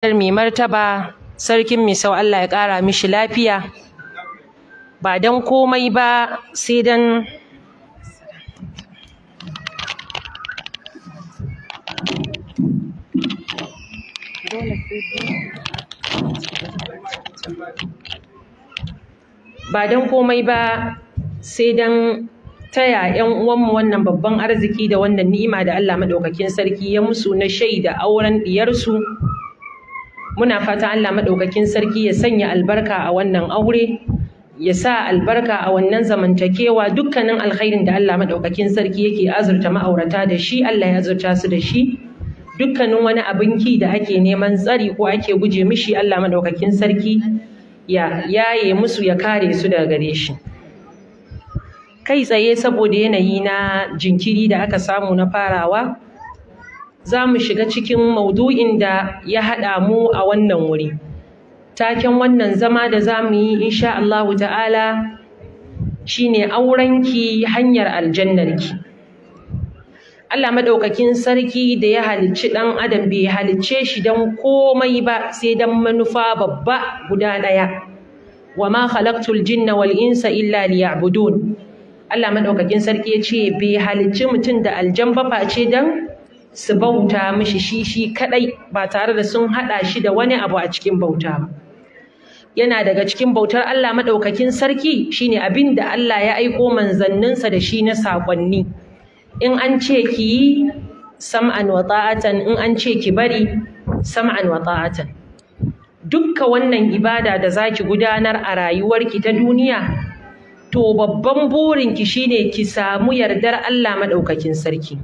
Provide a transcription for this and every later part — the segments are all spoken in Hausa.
mai martaba sarkin misau Allah ya ƙara mishi lafiya ba don komai ba sai don ba don komai ba sai don taya 'yan uwanmu wannan babban arziki da wannan ni'ima da Allah maɗaukakin sarki ya musu na shaida auren ɗiyarsu muna fata Allah maɗaukakin sarki ya sanya albarka a wannan aure ya sa albarka a wannan zamantakewa dukkanin alkhairin da Allah maɗaukakin sarki yake azurta ma'aurata da shi Allah ya azurta su da shi dukkanin wani abin ki da ake neman tsari ko ake guje mishi Allah maɗaukakin sarki ya yaye musu ya kare su daga gare shi kai tsaye saboda yanayi na jinkiri da aka samu na farawa za mu shiga cikin maudu'in da ya haɗa mu a wannan wuri. Taken wannan zama da za mu yi insha Allahu ta'ala shine ne aurenki hanyar aljannarki. Allah maɗaukakin sarki da ya halicci ɗan adam bai halicce shi don komai ba sai don manufa babba guda ɗaya. Wa ma khalaqtul jinna wal insa illa liya'budun. Allah maɗaukakin sarki ya ce bai halicci mutum da aljan ba face don su bauta mishi shi shi kadai ba tare da sun haɗa shi da wani abu a cikin bauta ba yana daga cikin bautar Allah maɗaukakin sarki shine abin da Allah ya aiko manzanninsa da shi na sakonni in an ce ki yi sam'an wa ta'atan in an ce ki bari sam'an wa ta'atan dukka wannan ibada da zaki gudanar a rayuwarki ta duniya to babban burinki shine ki samu yardar Allah madaukakin sarki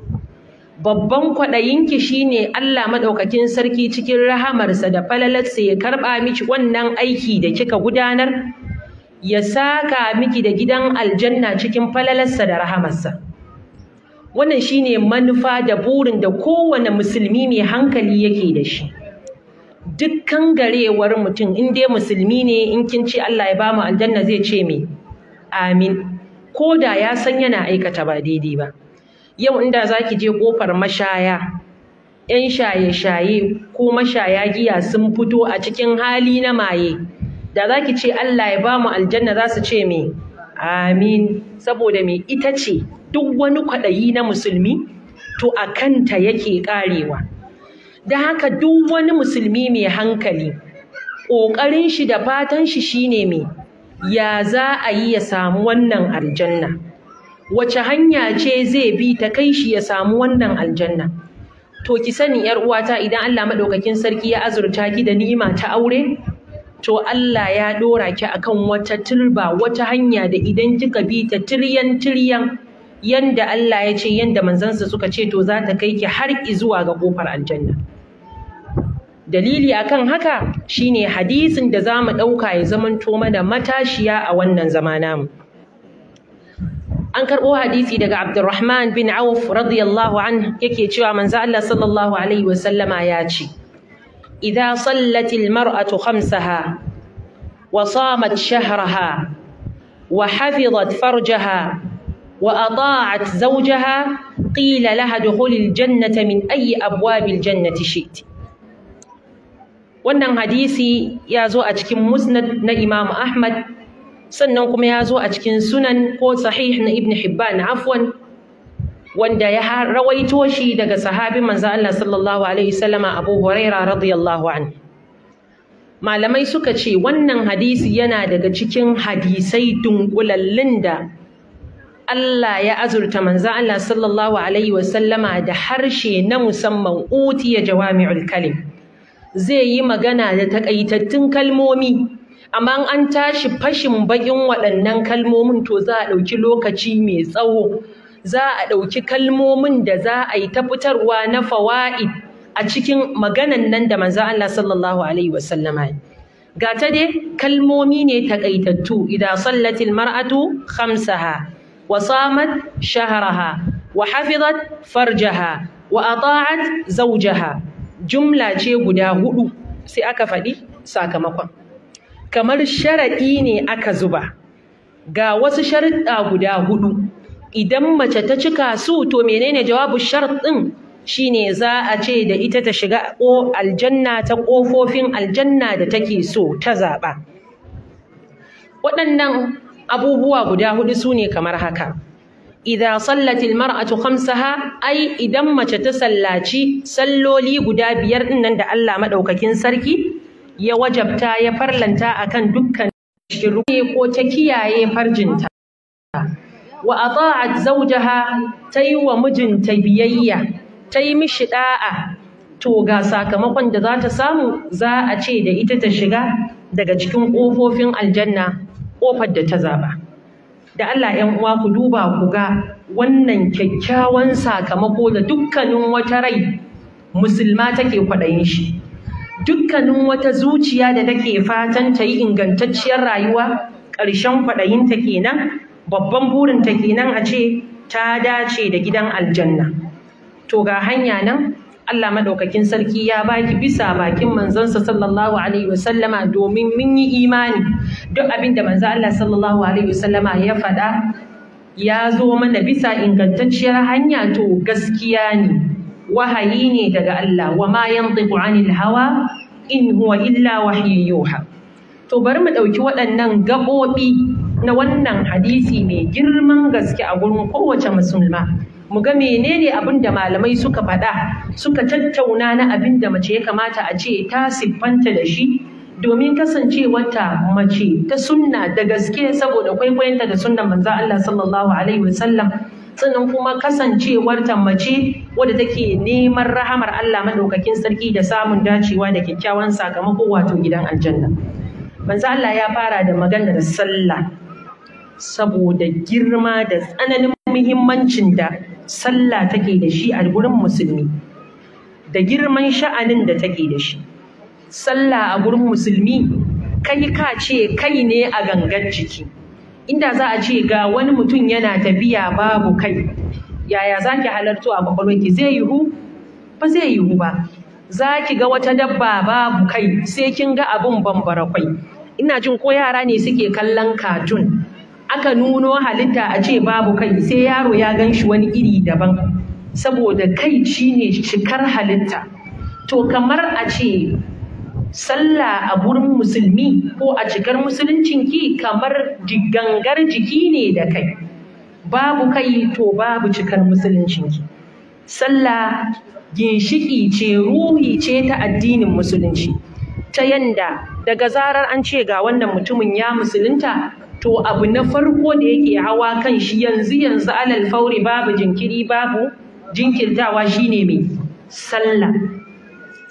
babban kwaɗayin kwaɗayinki shine Allah maɗaukakin sarki cikin rahamarsa da falalarsa ya karɓa miki wannan aiki da kika gudanar ya saka miki da gidan aljanna cikin falalarsa da rahamarsa wannan shine manufa da burin da kowane musulmi mai hankali yake da shi dukkan garewar mutum in dai musulmi ne in kin ce Allah ya bamu aljanna zai ce me amin ko da ya san yana aikata ba daidai ba yau inda za ki je ƙofar mashaya ‘yan shaye-shaye ko mashaya giya sun fito a cikin hali na maye da za ki ce Allah ya ba mu aljanna za su ce me amin saboda me ita ce duk wani kwaɗayi na musulmi to a kanta yake ƙarewa da haka duk wani musulmi mai hankali ƙoƙarin shi da fatan shi shine me ya za a yi ya samu wannan aljanna wace hanya ce zai bi ta kai shi ya samu wannan aljanna to ki sani yar uwata idan Allah madaukakin sarki ya azurta ki da ni'ima ta aure to Allah ya dora ki akan wata turba wata hanya da idan kika bi ta tiryan tiryan yanda Allah ya ce yanda manzansa suka ce to za ta kai ki har zuwa ga kofar aljanna dalili akan haka shine hadisin da za mu ɗauka ya zamanto mana matashiya a wannan zama an karɓo hadisi daga Abdurrahman bin Auf radiyallahu anhu yake cewa manzo Allah sallallahu alaihi wa sallama ya ce idza sallatil mar'atu khamsaha wa samat shahraha wa hafizat farjaha wa ata'at zawjaha qila laha dukhulil jannata min ayyi abwabil jannati shi'ti wannan hadisi ya zo a cikin musnad na Imam Ahmad sannan kuma ya zo a cikin sunan ko sahih na ibn hibban afwan wanda ya rawaito shi daga sahabi manzo Allah sallallahu alaihi wasallama Abu Huraira radiyallahu anhu malamai suka ce wannan hadisi yana daga cikin hadisai dunkulallin da Allah ya azurta manzo Allah sallallahu alaihi wasallama da harshe na musamman utiya jawami'ul kalim zai yi magana da takaitattun kalmomi amma an tashi fashin bakin waɗannan kalmomin to za a ɗauki lokaci mai tsawo za a ɗauki kalmomin da za a yi ta fitarwa na fawa'id a cikin maganan nan da manzo Allah sallallahu alaihi ga ta dai kalmomi ne taƙaitattu idan sallatil mar'atu khamsaha wa samat shahraha wa hafizat farjaha wa ata'at zawjaha jumla ce guda hudu sai aka faɗi sakamakon kamar sharaɗi ne aka zuba ga wasu sharuɗa guda hudu idan mace ta cika su to menene jawabu sharɗin shine za a ce da ita ta shiga ko aljanna ta ƙofofin aljanna da take so ta zaɓa waɗannan abubuwa guda hudu su ne kamar haka idan sallatil mar'atu khamsaha ai idan mace ta sallaci salloli guda biyar dinnan nan da Allah maɗaukakin sarki ya wajabta ya farlanta akan dukkan shiru. ko ta kiyaye farjinta wa ata'at zawjaha ta yi wa mijinta biyayya ta mishi da'a to ga sakamakon da za ta samu za a ce da ita ta shiga daga cikin ƙofofin aljanna ƙofar da ta zaba da Allah ‘yan uwa ku duba ku ga wannan kyakkyawan sakamako da dukkanin wata rai musulma take kwaɗayin shi dukkanin wata zuciya da take fatan ta yi ingantacciyar rayuwa ƙarshen kwaɗayinta kenan babban burinta kenan a ce ta dace da gidan aljanna to ga hanya nan Allah maɗaukakin sarki ya baki bisa bakin manzansa sallallahu alaihi wasallama domin mun yi imani duk abin da manzo Allah sallallahu alaihi wasallama ya faɗa ya zo mana bisa ingantacciyar hanya to gaskiya ne wahayi ne daga Allah wa ma yantiqu anil hawa in huwa illa wahyi yuha to bari mu ɗauki waɗannan gaɓoɓi na wannan hadisi mai girman gaske a gurin kowace musulma mu ga menene abin da malamai suka faɗa suka tattauna na abin da mace ya kamata a ce ta siffanta da shi domin kasancewarta mace ta sunna da gaske saboda kwaikwayonta da sunnan manzo Allah sallallahu alaihi wasallam sannan kuma kasancewar mace wadda take neman rahamar Allah madaukakin sarki da samun dacewa da kyakkyawan sakamako wato gidan aljanna manzo Allah ya fara da maganar sallah saboda girma da tsananin muhimmancin da sallah take da shi a gurin musulmi da girman sha'anin da take da shi sallah a gurin musulmi kai ka ce kai ne a gangan jiki inda za a ce ga wani mutum yana tafiya babu kai yaya za ki halarto a kwakwalwarki zai yiwu ba zai yiwu ba za ki ga wata dabba babu kai sai kin ga abin bambara kwai ina jin ko yara ne suke kallon katun aka nuno halitta a ce babu kai sai yaro ya gan shi wani iri daban saboda kai shine cikar halitta to kamar a ce sallah a gurin musulmi ko a cikar musuluncin ki kamar gangar jiki ne da kai babu kai to babu cikar musuluncin ki. sallah ginshiki ce ruhi ce ta addinin musulunci ta yanda daga zarar an ce ga wannan mutumin ya musulunta to abu na farko da yake hawa kan shi yanzu yanzu alal fauri babu jinkiri babu jinkirtawa shine mai sallah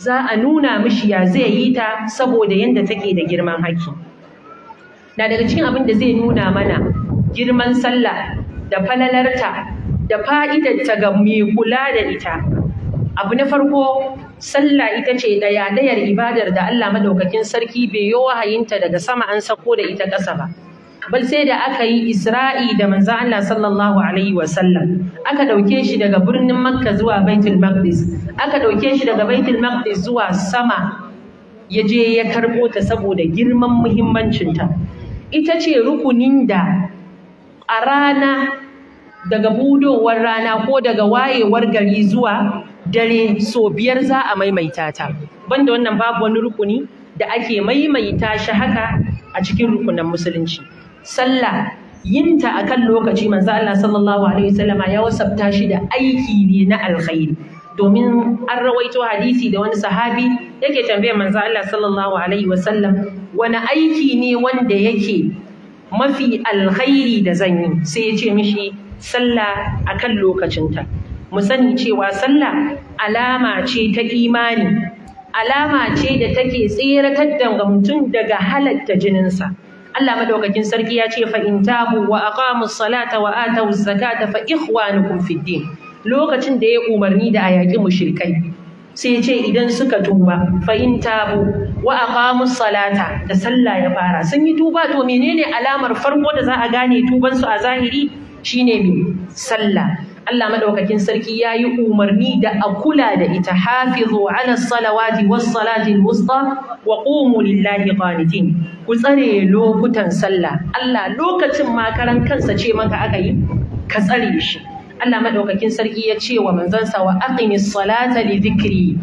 za a nuna mishi ya zai yi ta saboda yadda take da girman haki na daga cikin abin da zai nuna mana girman sallah da falalarta da fa'idarta ga mai kula da ita abu na farko sallah ita ce ɗaya ɗayar ibadar da Allah madaukakin sarki bai yi wahayinta daga sama an sako da ita ƙasa ba bal sai da aka yi isra'i da manzo Allah sallallahu alaihi wasallam aka dauke shi daga birnin makka zuwa baitul maqdis aka dauke shi daga baitul maqdis zuwa sama ya je ya karbo ta saboda girman muhimmancinta ita ce rukunin da a rana daga budowar rana ko daga wayewar gari zuwa dare so biyar za a maimaita ta banda wannan babu wani rukuni da ake maimaita shi haka a cikin rukunan musulunci sallah yinta akan lokaci manzo Allah sallallahu alaihi wasallama ya wasabta shi da aiki ne na alkhairi domin an rawaito hadisi da wani sahabi yake tambayar manzo Allah sallallahu alaihi wasallam wani aiki ne wanda yake mafi alkhairi da zan yi sai ya ce mishi sallah akan lokacinta mu sani cewa sallah alama ce ta imani alama ce da take tseratar da mutum daga halatta jininsa Allah madaukakin sarki ya ce fa in tabu wa salata wa atawuz zakata fa ikhwanukum fid din lokacin da ya umarni da ayaki mushrikai sai ya ce idan suka tuba fa in tabu wa salata da sallah ya fara sun yi tuba to menene alamar farko da za a gane tuban su a zahiri shine me sallah Allah madaukakin sarki ya yi umarni da a kula da ita hafizu ala salawati was salatil wusta wa qumu lillahi qanitin ku tsare lokutan sallah Allah lokacin ma karan kansa ce maka aka yi ka tsare shi Allah madaukakin sarki ya ce wa manzansa wa aqimis salata li dhikri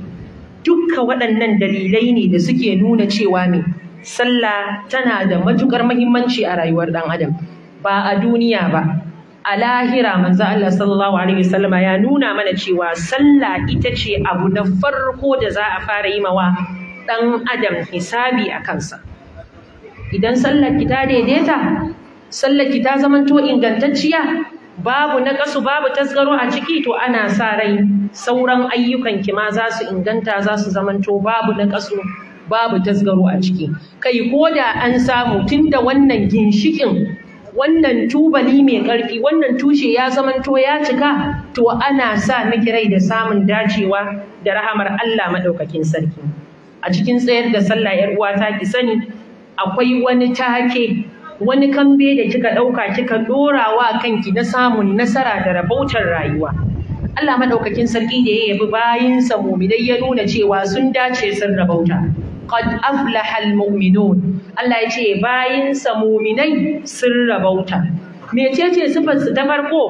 dukka waɗannan dalilai ne da suke nuna cewa me sallah tana da matukar muhimmanci a rayuwar dan adam ba a duniya ba a lahira manzo Allah sallallahu alaihi wasallama ya nuna mana cewa sallah ita ce abu na farko da za a fara yi mawa dan adam hisabi a kansa idan sallar ki ta daidaita sallar ki ta zamanto ingantacciya babu na kasu babu tasgaro a ciki to ana sa rai sauran ayyukan ki ma za su inganta za su zamanto babu na kasu babu tasgaro a ciki kai ko da an samu tunda wannan ginshikin wannan tubali mai ƙarfi wannan tushe ya zamanto ya cika to ana sa miki rai da samun dacewa da rahamar Allah maɗaukakin sarki a cikin tsayar da sallah yar uwa ta ki sani akwai wani take wani kambe da kika ɗauka kika ɗorawa kanki na samun nasara da rabautar rayuwa Allah maɗaukakin sarki da ya yabi bayinsa muminai ya nuna cewa sun dace sun rabauta qad aflaha almu'minun Allah ya ce bayinsa muminai sun rabauta mecece sifar su ta farko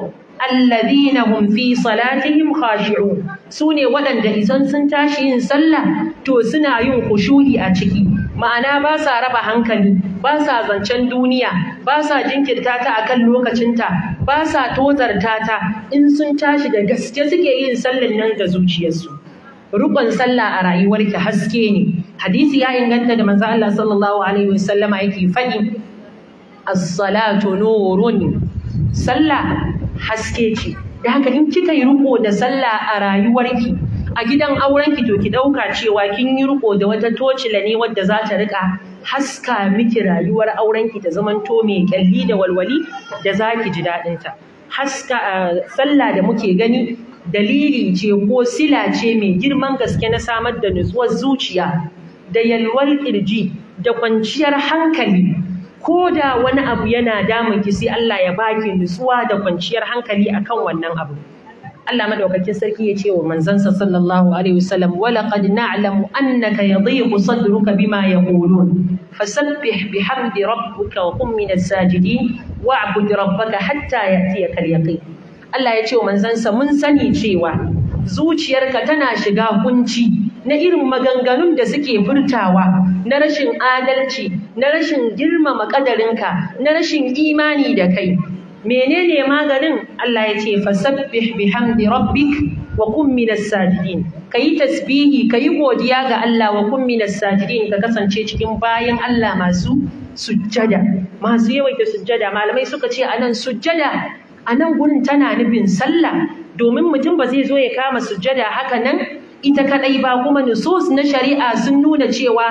alladhina hum fi salatihim khashi'un sune waɗanda idan sun tashi yin sallah to suna yin khushu'i a ciki ma'ana ba sa raba hankali ba sa zancen duniya ba sa jinkirta ta akan lokacinta ba sa tozarta in sun tashi da gaske suke yin sallar nan da zuciyarsu rukun sallah a rayuwarki haske ne hadisi ya inganta da manzo Allah sallallahu alaihi wasallama yake faɗi as-salatu nurun sallah haske ce da haka in kika yi ruko da sallah a rayuwarki a gidan aurenki to ki ɗauka cewa kin yi ruko da wata tocila ne wadda za ta rika haska miki rayuwar aurenki ta zamanto mai ƙyalli da walwali da za ki ji daɗinta haska sallah da muke gani dalili ce ko sila ce mai girman gaske na samar da nutsuwar zuciya da yalwar kirji da kwanciyar hankali ko da wani abu yana damun ki sai Allah ya baki nutsuwa da kwanciyar hankali akan wannan abu Allah madaukakin sarki ya ce wa manzansa sallallahu alaihi wasallam wa laqad na'lamu annaka yadhiqu sadruka bima yaqulun fasabbih bihamdi rabbika wa qum minas sajidin wa'bud rabbaka hatta ya'tiyaka al-yaqin Allah ya ce wa manzansa mun sani cewa zuciyarka tana shiga kunci na irin maganganun da suke furtawa na rashin adalci na rashin girmama ƙadarinka na rashin imani da kai menene maganin Allah ya ce fasabbih bihamdi rabbik wa kun minas sajidin kayi tasbihi kayi godiya ga Allah wa kun minas sajidin ka kasance cikin bayan Allah masu sujjada masu yawaita sujjada malamai suka ce anan sujjada anan gurin tana nufin sallah domin mutum ba zai zo ya kama sujjada haka nan ita kaɗai ba kuma nusus na shari'a sun nuna cewa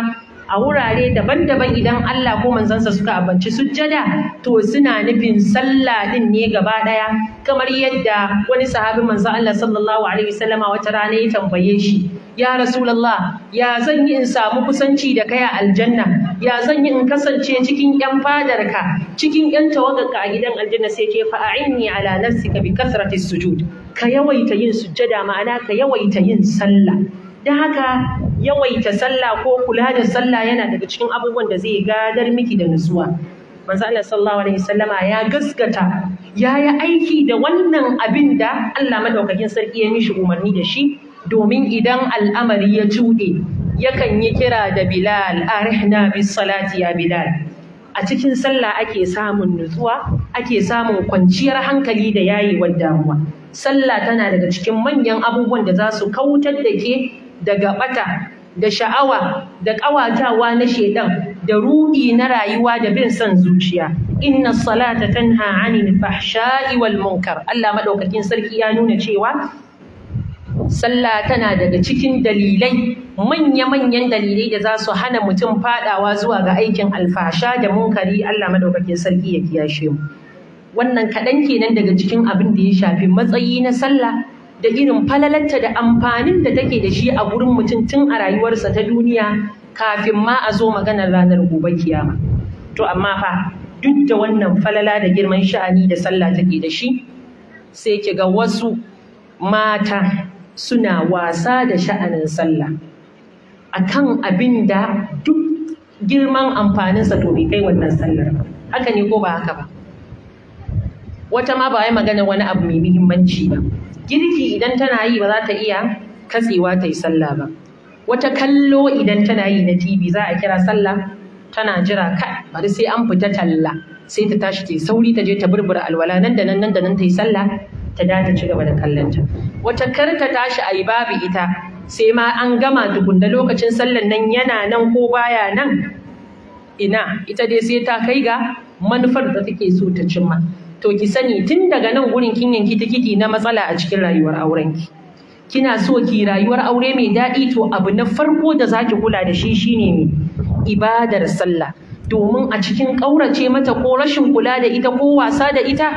a wurare daban-daban idan Allah ko manzansa suka abanci sujjada to suna nufin sallah din ne gaba daya kamar yadda wani sahabi manzo Allah sallallahu alaihi wasallama wata rana ya tambaye shi ya rasulullah ya zan yi in samu kusanci da kai a aljanna ya zan yi in kasance cikin yan fadarka cikin yan tawagarka a gidan aljanna sai ke fa'a'inni ala nafsika bi kasrati sujud ka yawaita yin sujjada ma'ana ka yawaita yin sallah da haka yawaita sallah ko kula da sallah yana daga cikin abubuwan da zai gadar miki da nutsuwa manzo Allah sallallahu alaihi wasallama ya gaskata ya yi aiki da wannan abin da Allah madaukakin sarki ya mishi umarni da shi domin idan al'amari ya cuɗe yakan yi kira da Bilal arihna bis salati ya Bilal a cikin sallah ake samun nutsuwa ake samun kwanciyar hankali da yayewar damuwa sallah tana daga cikin manyan abubuwan da za su kautar da ke daga bata da sha'awa da ƙawatawa na shaidan da ruhi na rayuwa da bin son zuciya inna salata tanha anil fahsha'i wal munkar Allah maɗaukakin sarki ya nuna cewa sallah tana daga cikin dalilai manya-manyan dalilai da za su hana mutum fadawa zuwa ga aikin alfasha da munkari Allah madaukakin sarki ya kiyashe mu wannan kaɗan kenan daga cikin abin da ya shafi matsayi na sallah da irin falalarta da amfanin da take da shi a gurin mutum tun a rayuwarsa ta duniya kafin ma a zo maganar ranar gobe kiyama to amma fa duk da wannan falala da girman sha'ani da sallah take da shi sai ki ga wasu mata suna wasa da sha'anin sallah akan abin da duk girman amfaninsa to bai kai wannan sallar haka ne ko ba haka ba wata ma ba yi magana wani abu mai muhimmanci ba girki idan tana yi ba za ta iya katsewa ta yi sallah ba wata kallo idan tana yi na tv za a kira sallah tana jira kai bari sai an fita talla sai ta tashi ta sauri ta je ta burbura alwala nan da nan nan da nan ta yi sallah ta da ci gaba da kallon wata kar ta tashi ayi babu ita sai ma an gama tukunna lokacin sallan nan yana nan ko baya nan ina ita dai sai ta kai ga manufar da take so ta cimma to ki sani tun daga nan gurin kin yanki tikiti na matsala a cikin rayuwar aurenki kina so ki rayuwar aure mai daɗi to abu na farko da zaki kula da shi shine mai ibadar sallah domin a cikin ƙaurace mata ko rashin kula da ita ko wasa da ita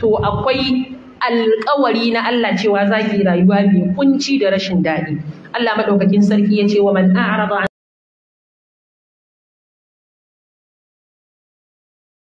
to akwai alƙawari na Allah cewa za ki rayuwa mai kunci da rashin daɗi Allah madaukakin sarki ya ce wa man a'rada